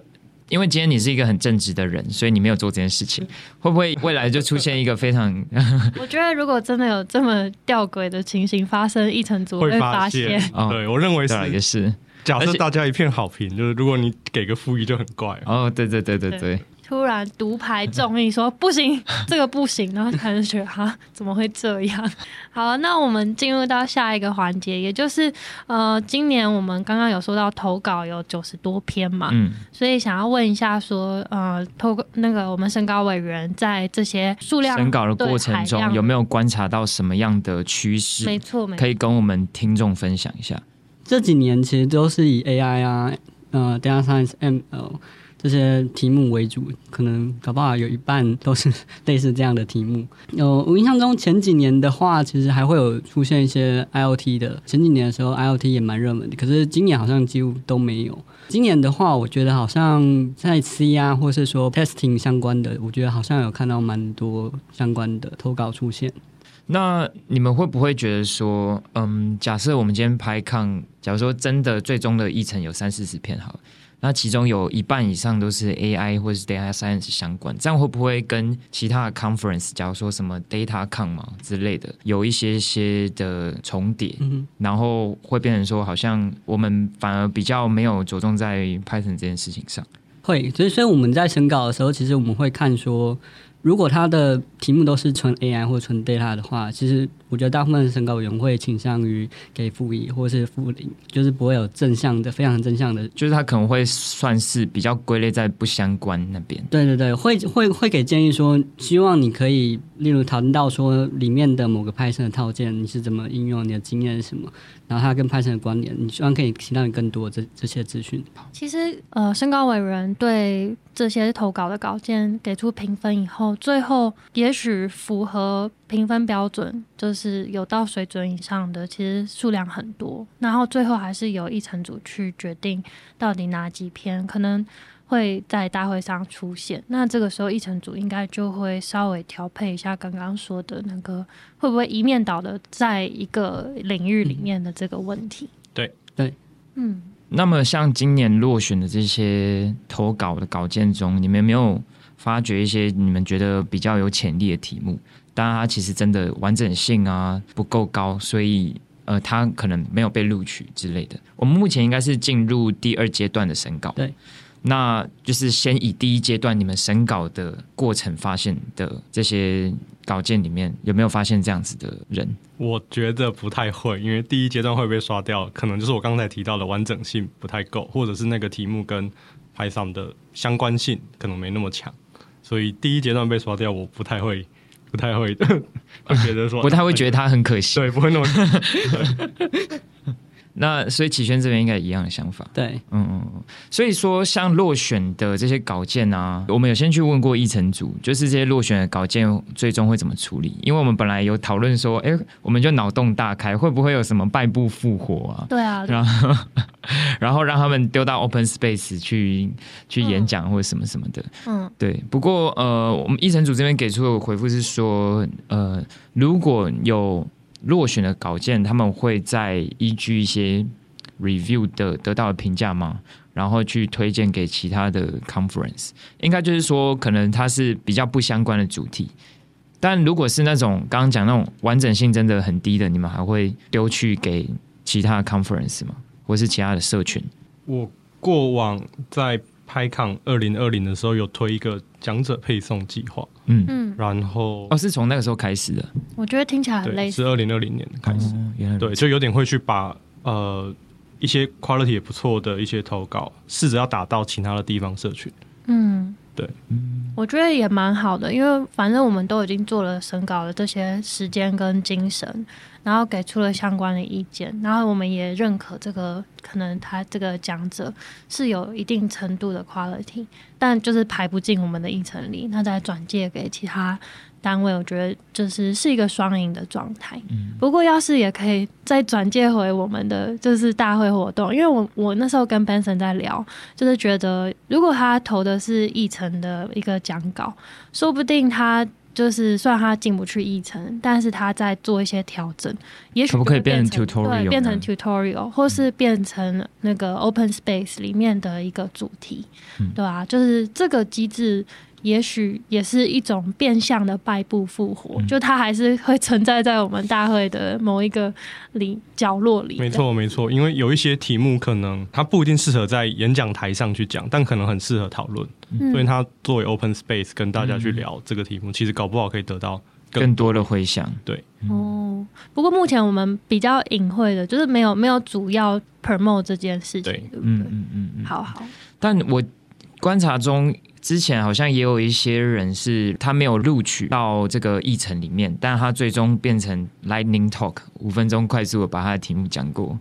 Speaker 2: 因為今天你是一個很正直的人，所以你沒有做這件事情，會不會未來就出現一個非常 ？
Speaker 1: 我覺得如果真的有這麼吊詭的情形發生，一層組會發現。會發現，哦、
Speaker 2: 對我認為是是。假設大
Speaker 4: 家一片好評，就是如果你給個負一就很怪。哦，對對對對對,對。對
Speaker 1: 突然獨排眾議說不行， 這個不行，然後他就覺得哈、 啊，怎麼會這樣？好，那我們進入到下一個環節，也就是呃，今年我們剛剛有說到投稿有九十多篇嘛，嗯，所以想要問一下說呃，投那個我們審稿委員在這些數量審稿的過程中有
Speaker 2: 沒有觀察到什麼樣的趨勢？沒錯，可以跟我們聽眾分享一下。
Speaker 3: 這幾年其實都是以 AI 啊，呃，Data Science ML。這些題目為主，可能搞不好有一半都是類似這樣的題目。有、呃、我印象中前幾年的話，其實還會有出現一些 IoT 的。前幾年的時候，IoT 也蠻熱門的，可是今年好像幾乎都沒有。今年的話，我覺得好像在 C 啊，或是說 Testing 相關的，我覺得好像有看到蠻多相關的投稿出現。那你們會
Speaker 2: 不會覺得說，嗯，假設我們今天拍抗，假如說真的最終的議程有三四十篇，好了。那其中有一半以上都是 AI 或者是 data science 相關，這樣會不會跟其他的 conference，假如說什麼 data con 嘛之類的，有一些些的重疊，嗯，然後會變成說，好像我們反而比較沒有着重在 Python 這件事情上。
Speaker 3: 會，所以所以我們在審稿的時候，其實我們會看說，如果他的題目都是純 AI 或純 data 的話，其實我覺得大部分的審稿委員會傾向於給負一或是負零，就是不會有正向的，非常正向的，
Speaker 2: 就是他可能會算是比較歸類在不相關那邊。
Speaker 3: 對對對，會會會給建議說，希望你可以。例如談到說裡面的某個 Python 的套件，你是怎麼應用？你的經驗是什麼？然後它跟 Python 的關聯，你希望可以聽到你更多的這這些資訊。
Speaker 1: 其實，呃，審稿委員對這些投稿的稿件給出評分以後，最後也許符合評分標準，就是有到水準以上的，其實數量很多。然後最後還是由議程組去決定到底哪幾篇可能。會在大會上出現，那這個時候議程組應該就會稍微調配一下剛剛說的那個會不會一面倒的在一個領域裡面的這個問題。嗯、
Speaker 2: 對對，
Speaker 1: 嗯。
Speaker 2: 那麼像今年落選的這些投稿的稿件中，你們有沒有發掘一些你們覺得比較有潛力的題目？當然，它其實真的完整性啊不夠高，所以呃，它可能沒有被錄取之類的。我們目前應該是進入第二階段的審稿。對。那就是先以第一階段你們審稿的過程發現的這些稿件裡面，有沒有發現這樣子的人？我
Speaker 4: 覺得不太會，因為第一階段會被刷掉，可能就是我剛才提到的完整性不太夠，或者是那個題目跟 Python 的相關性可能沒那麼強，所以
Speaker 2: 第一階段被刷掉，我不太會，不太會會覺得說不太會覺得他很可
Speaker 4: 惜，對，不會那麼。
Speaker 2: 不太笑那所以起軒這邊應該一樣的想法，對，嗯嗯，所以說像落選的這些稿件啊，我們有先去問過議程組，就是這些落選的稿件最終會怎麼處理？因為我們本來有討論說，哎、欸，我們就腦洞大開，會不會有什麼敗部復活啊？對啊，然後 然後讓他們丟到 Open Space 去去演講或者什麼什麼的，嗯，對。不過呃，我們議程組這邊給出的回復是說，呃，如果有。落選的稿件，他們會再依據一些 review 的得到的評價嗎？然後去推薦給其他的 conference？應該就是說，可能它是比較不相關的主題。但如果是那種剛剛講那種完整性真的很低的，你們還會丟去給其他的 conference 嗎？或是其他的社群？
Speaker 4: 我過往在 PyCon 2020的時候有推一個講者配送計劃。嗯嗯，然後啊、哦、是從那個時候開始的，
Speaker 1: 我覺得聽起來很累，是
Speaker 4: 二零二零年開始、哦，對，就有點會去把呃一些 quality 也不錯的一些投稿，試着要打到其他的地方社群。嗯，對，嗯、
Speaker 1: 我覺得也蠻好的，因為反正我們都已經做了審稿的這些時間跟精神。然後給出了相關的意見，然後我們也認可這個，可能他這個講者是有一定程度的 quality，但就是排不進我們的議程裡。那再轉借給其他單位，我覺得就是是一個雙贏的狀態。嗯，不過要是也可以再轉借回我們的就是大會活動，因為我我那時候跟 Benson 在聊，就是覺得如果他投的是議程的一個講稿，說不定他。就是算他進不去議程，但是他在做一些調整，也許可、可以變成 tutorial, 對變成 tutorial，啊、或是變成那個 open space 裡面的一個主題，嗯、對吧、啊？就是這個機制。也許也是一種變相的敗部復活、嗯，就它還是會存在在我們大會的某一個裡角落裡。沒錯，
Speaker 4: 沒錯，因為有一些題目可能它不一定適合在演講台上去講，但可能很適合討論、嗯，所以它作為 open space 跟大家去聊這個題目，嗯、其實搞不好可以得到更多的回響、嗯。對，
Speaker 1: 哦，不過目前我們比較隱晦的，就是沒有沒有主要 promote 這件事情，對，對，
Speaker 2: 對不對？嗯嗯嗯嗯，好好。但我觀察中。之前好像也有一些人是他沒有錄取到這個議程裡面，但他最終變成 Lightning Talk，五分鐘快速的把他的題目講過。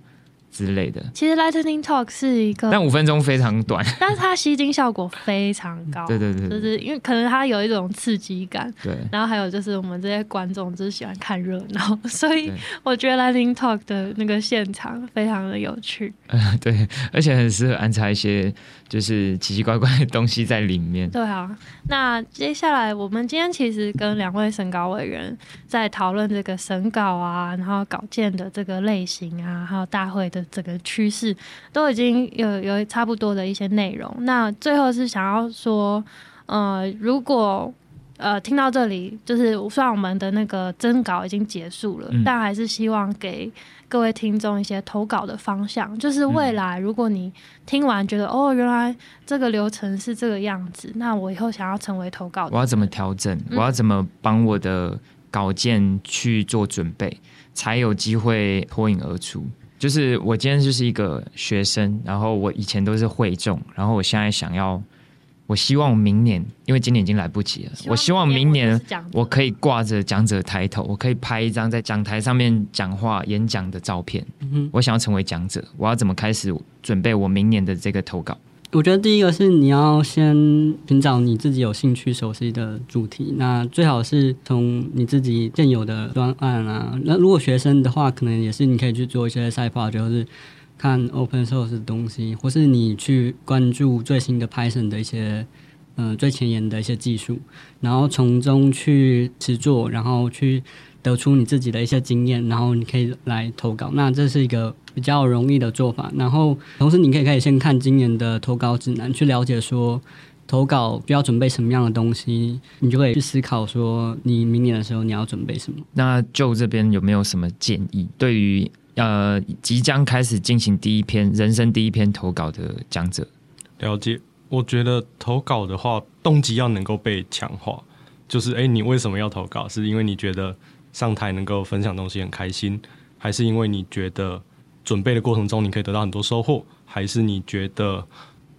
Speaker 2: 之類的，
Speaker 1: 其實 lightning talk 是一個，但五
Speaker 2: 分鐘非常短，但
Speaker 1: 是它吸睛效果非常高。 對，對對對，就是因為可能它有一種刺激感。對，然後還有就是我們這些觀眾就是喜歡看熱鬧，所以我覺得 lightning talk 的那個現場非常的有趣。對，
Speaker 2: 呃、對，而且很適合安插一些就是奇奇怪怪的東西在裡面。
Speaker 1: 對啊，那接下來我們今天其實跟兩位審稿委員在討論這個審稿啊，然後稿件的這個類型啊，還有大會的。整個趨勢都已經有有差不多的一些內容。那最後是想要說，呃，如果呃聽到這裡，就是雖然我們的那個徵稿已經結束了、嗯，但還是希望給各位聽眾一些投稿的方向。就是未來，如果你聽完覺得、嗯、哦，原來這個流程是這個樣子，那我以後想要成為投稿的，我要
Speaker 2: 怎麼調整、嗯？我要怎麼幫我的稿件去做準備，才有機會脫穎而出？就是我今天就是一個學生，然後我以前都是會眾，然後我現在想要，我希望明年，因為今年已經來不及了，我希望明年我可以掛着講者抬頭，我可以拍一張在講台上面講話演講的照片、嗯，我想要成為講者，我要怎麼開始準備我明年的這個投稿？
Speaker 3: 我覺得第一個是你要先尋找你自己有興趣、熟悉的主題，那最好是從你自己現有的專案啊。那如果學生的話，可能也是你可以去做一些賽發，就是看 open source 的東西，或是你去關注最新的 Python 的一些嗯、呃、最前沿的一些技術，然後從中去製作，然後去。得出你自己的一些經驗，然後你可以來投稿。那這是一個比較容易的做法。然後同時，你可以可以先看今年的投稿指南，去了解說投稿需要準備什麼樣的東西，你就可以去思考說你明年的時候你要準備什麼。
Speaker 2: 那就這邊有沒有什麼建議對？對於呃即將開始進行第一篇人生第一篇投稿的講者，了解。我覺得投稿的話，動機要能夠被強化，
Speaker 4: 就是誒、欸，你為什麼要投稿？是因為你覺得。上台能夠分享東西很開心，還是因為你覺得準備的過程中你可以得到很多收穫，還是你覺得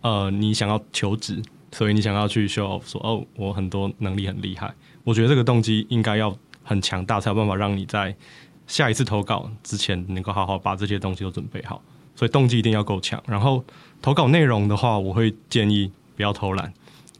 Speaker 4: 呃你想要求職，所以你想要去 show off 說哦我很多能力很厲害。我覺得這個動機應該要很強大，才有辦法讓你在下一次投稿之前能夠好好把這些東西都準備好。所以動機一定要夠強。然後投稿內容的話，我會建議不要偷懶，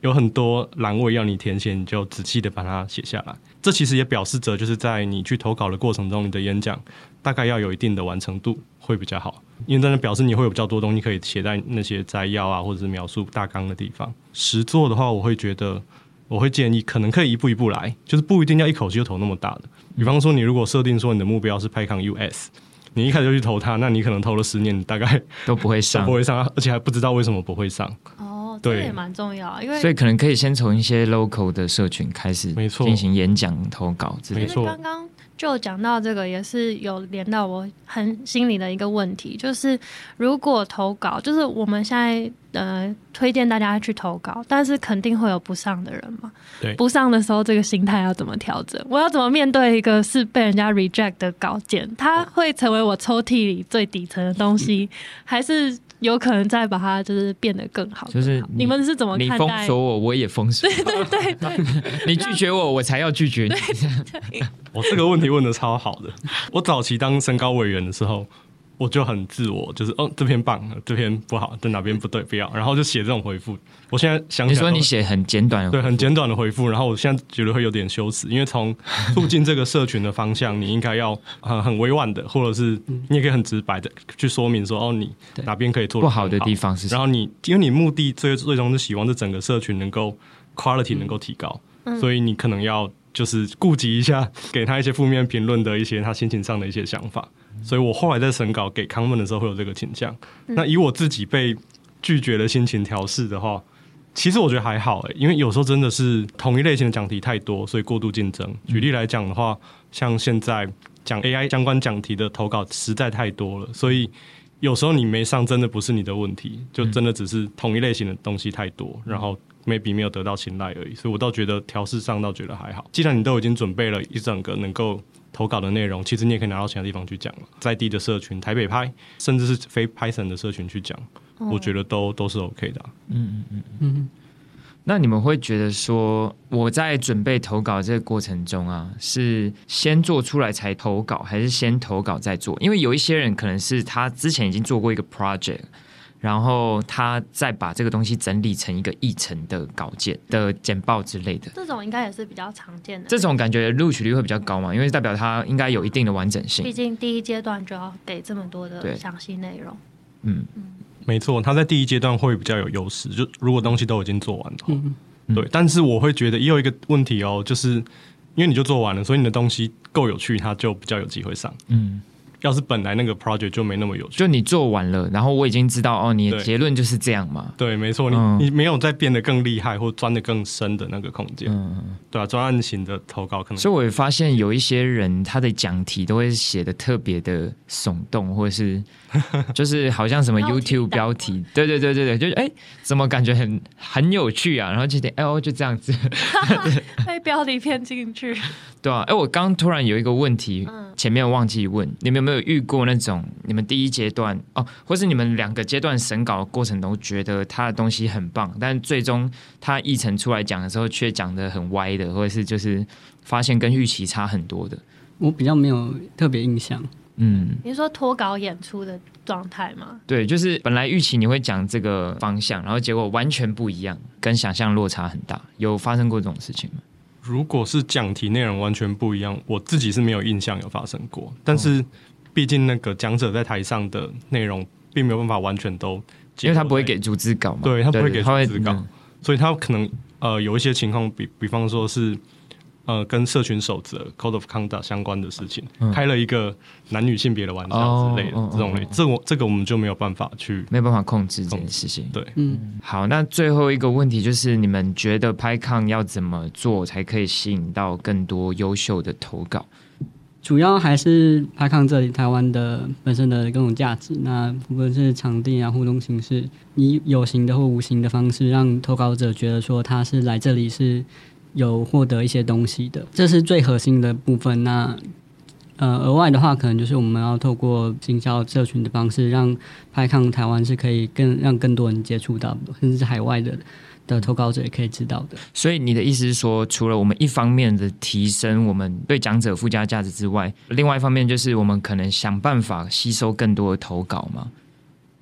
Speaker 4: 有很多欄位要你填寫，你就仔細的把它寫下來。這其實也表示着，就是在你去投稿的過程中，你的演講大概要有一定的完成度會比較好。因為在那表示你會有比較多東西可以寫在那些摘要啊，或者是描述大綱的地方。實作的話，我會覺得，我會建議可能可以一步一步來，就是不一定要一口氣就投那麼大的。比方說，你如果設定說你的目標是 PyCon US，你一開始就去投它，那你可能投了十年，大概都不會上，不會上，而且還不知
Speaker 2: 道為什麼不會上。
Speaker 1: 對，這也蠻重要，因為所以可能可
Speaker 2: 以先從一些 local 的社群開始，進行演講沒錯，投稿之類沒錯。剛
Speaker 1: 剛就講到這個，也是有連到我很心裡的一個問題，就是如果投稿，就是我們現在呃推薦大家去投稿，但是肯定會有不上的人嘛。對，不上的時候，這個心態要怎麼調整？我要怎麼面對一個是被人家 reject 的稿件？它會成為我抽屜裡最底層的東西，嗯、還是？有可能再把它就是變得更好，就是你，你們是怎麼看待？你封鎖
Speaker 2: 我，我也封鎖。對對
Speaker 4: 對，你拒絕我，我才要拒絕你。我 這個問題問得超好的。我早期當審稿委員的時候，我就很自我，就是哦，這篇棒，這篇不好，在哪邊不對，不要，然後就寫這種回復。我現在想想，你、就是、說你寫
Speaker 2: 很簡短的
Speaker 4: 回，對，很簡短的回復，然後我現在覺得會有點羞恥，因為從促進這個社群的方向， 你應該要很、呃、很委婉的，或者是你也可以很直白的去說明說，哦，你哪邊可以做好不好的地方是什麼，然後你因為你目的最最終是希望這整個社群能夠 quality 能夠提高，嗯，所以你可能要就是顧及一下，給他一些負面評論的一些他心情上的一些想法。所以我後來在審稿給 comment 的時候會有這個傾向、嗯。那以我自己被拒絕的心情調適的話，其實我覺得還好誒、欸，因為有時候真的是同一類型的講題太多，所以過度競爭、嗯。舉例來講的話，像現在講 AI 相關講題的投稿實在太多了，所以有時候你沒上真的不是你的問題，就真的只是同一類型的東西太多，嗯、然後 maybe 沒有得到青睞而已。所以我倒覺得調適上倒覺得還好。既然你都已經準備了一整個能夠。投稿的內容，其實你也可以拿到其他地方去講，在地的社群，台北派，甚至是非 Python 的社群去講、哦，我覺得都
Speaker 2: 都是 OK 的、啊。嗯嗯嗯嗯。那你們會覺得說，我在準備投稿這個過程中啊，是先做出來才投稿，還是先投稿再做？因為有一些人可能是他之前已經做過一個 project。然後他再把這個東西整理成一個議程的稿件、嗯、的簡報之類的，
Speaker 1: 這種應該也是比較常見的。這種
Speaker 2: 感覺錄取率會比較高嘛？嗯。因為代表他應該有一定的完整性。畢
Speaker 1: 竟第一階段就要給這麼多的詳細內容。
Speaker 2: 嗯，嗯，沒錯，他在第一階
Speaker 4: 段會比較有優勢。就如果東西都已經做完了，嗯，對嗯。但是我會覺得也有一個問題哦，就是因為你就做完了，所以你的東西夠有趣，他就比較有機會上。嗯。要是本來那個 project 就沒那麼有趣，就你做完了，然後我已經知道哦，你的結論就是這樣嘛？對，對沒錯，你、嗯、你沒有再變得更厲害或鑽得更深的那個空間。嗯嗯，對啊，專案型的投稿可能。
Speaker 2: 所以我也發現有一些人，他的講題都會寫得特別的聳動，或是就是好像什麼 YouTube 標題， 標題對對對對對，就哎、欸，怎麼感覺很很有趣啊？然後就點哎呦，就這樣子， 對
Speaker 1: 被標題騙進去。
Speaker 2: 對啊，哎、欸，我剛突然有一個問題。嗯。前面忘記問你們，有沒有遇過那種你們第一階段哦，或是你們兩個階段審稿的過程都覺得他的東西很棒，但最終他議程出來講的時候卻講得很歪的，或者是就是發現跟預期差很多的。
Speaker 3: 我比較沒有特別印象。
Speaker 1: 嗯，你是說脫稿演出的狀態嗎？
Speaker 2: 對，就是本來預期你會講這個方向，然後結果完全不一樣，跟想象落差很大。有發生過這種事情嗎？如果是講題內容完全不一樣，我自己是沒有印象有發生過。
Speaker 4: 但是，畢竟那個講者在台上的內容並沒有辦法完全都，因為他不會給
Speaker 2: 逐字稿嘛，對他不會給逐字稿，
Speaker 4: 所以他可能呃有一些情況，比比方說是。呃，跟社群守則 Code of Conduct 相關的事情，嗯、開了一個男
Speaker 2: 女性別的玩笑之類的這種類，哦哦哦哦、這我這個我們就沒有辦法去，沒辦法控制這件事情。對，嗯，好，那最後一個問題就是，你們覺得 PyCon 要怎麼做才可以吸引到更多優秀的投稿？
Speaker 3: 主要還是 PyCon 這裡台灣的本身的各種價值，那不論是場地啊、互動形式，以有形的或無形的方式，讓投稿者覺得說他是來這裡是。有獲得一些東西的，這是最核心的部分。那呃，額外的話，可能就是我們要透過行銷社群的方式，讓 PyCon 台灣是可以更讓更多人接觸到，甚至是海外的的投稿者也可以知道的。
Speaker 2: 所以你的意思是說，除了我們一方面的提升我們對講者附加價值之外，另外一方面就是我們可能想辦法吸收更多的投稿嗎？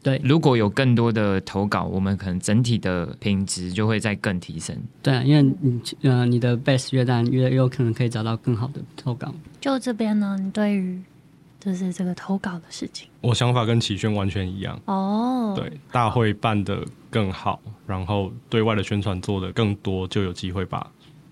Speaker 2: 對，如果有更多的投稿，我們可能整體的品質就會再更提升。
Speaker 3: 對啊，因為你呃，你的 best 越大越，越有可能可以找到更好的投稿。
Speaker 1: 就這邊呢，你對於就是這個投稿的事情，
Speaker 4: 我想法跟齊軒完全一樣。
Speaker 1: 哦、oh.，對，
Speaker 4: 大會辦得更好，然後對外的宣傳做得更多，就有機會把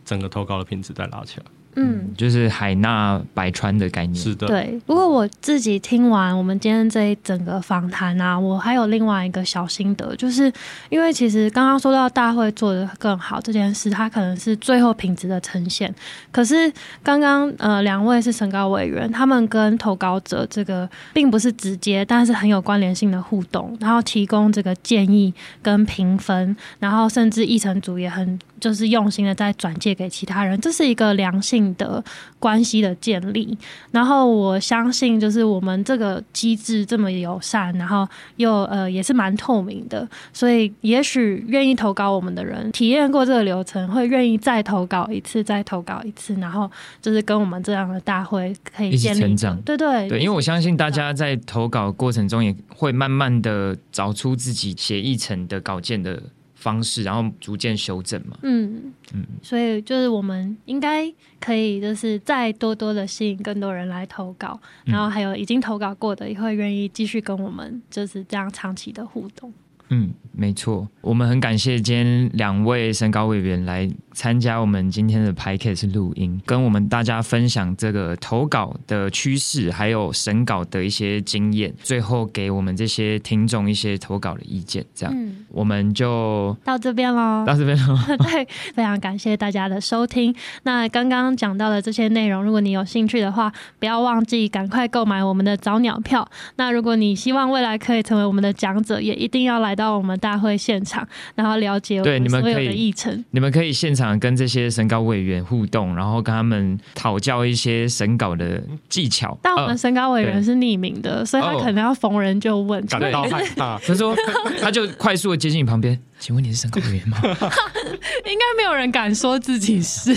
Speaker 4: 整個投
Speaker 2: 稿的品質再拉起來。嗯，就是海納百川的概念。是
Speaker 4: 的，對。
Speaker 1: 不過我自己聽完我們今天這一整個訪談啊，我還有另外一個小心得，就是因為其實剛剛說到大會做得更好這件事，它可能是最後品質的呈現。可是剛剛呃，兩位是審稿委員，他們跟投稿者這個並不是直接，但是很有關聯性的互動，然後提供這個建議跟評分，然後甚至議程組也很。就是用心的在轉借給其他人，這是一個良性的關係的建立。然後我相信，就是我們這個機制這麼友善，然後又呃也是蠻透明的，所以也許願意投稿我們的人，體驗過這個流程，會願意再投稿一次，再投稿一次，然後就是跟我們這樣的大會可以一,一起成長。對對對，對，因為
Speaker 2: 我相信大家在投稿過程中也會慢慢的找出自己寫議程的稿件的方式，然後逐漸修正嘛。
Speaker 1: 嗯嗯，所以就是我們應該可以，就是再多多的吸引更多人來投稿，嗯，然後還有已經投稿過的也會願意繼續跟我們就是這樣長期的互動。嗯。
Speaker 2: 沒錯，我們很感謝今天兩位審稿委員來參加我們今天的拍 case 錄音，跟我們大家分享這個投稿的趨勢，還有審稿的一些經驗，最後給我們這些聽眾一些投稿的意見。這樣，嗯、我們就
Speaker 1: 到這邊嘍，到這邊嘍。 對，非常感謝大家的收聽。那剛剛講到的這些內容，如果你有興趣的話，不要忘記趕快購買我們的早鳥票。那如果你希望未來可以成為我們的講者，也一定要來到我們。大會現場，然後了解我們所有的議程。對，你們，
Speaker 2: 你們可以現場跟這些審稿委員互動，然後跟他們討教一些審稿的技巧。但我們審稿委員
Speaker 1: 是匿名的，呃，所以他可能要逢人就問。感到是是
Speaker 2: 到他說 他就快速的接近你旁邊。請問你是審稿
Speaker 1: 委員嗎？ 應該沒有人敢說自己是，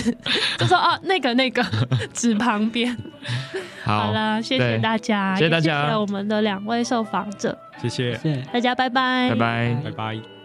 Speaker 1: 就說哦、啊、那個那個紙旁邊
Speaker 4: 好啦，謝謝大家，謝謝大家，我
Speaker 1: 們的兩位受訪者，謝謝大家，謝謝謝謝大家拜拜，拜拜，
Speaker 4: 拜拜。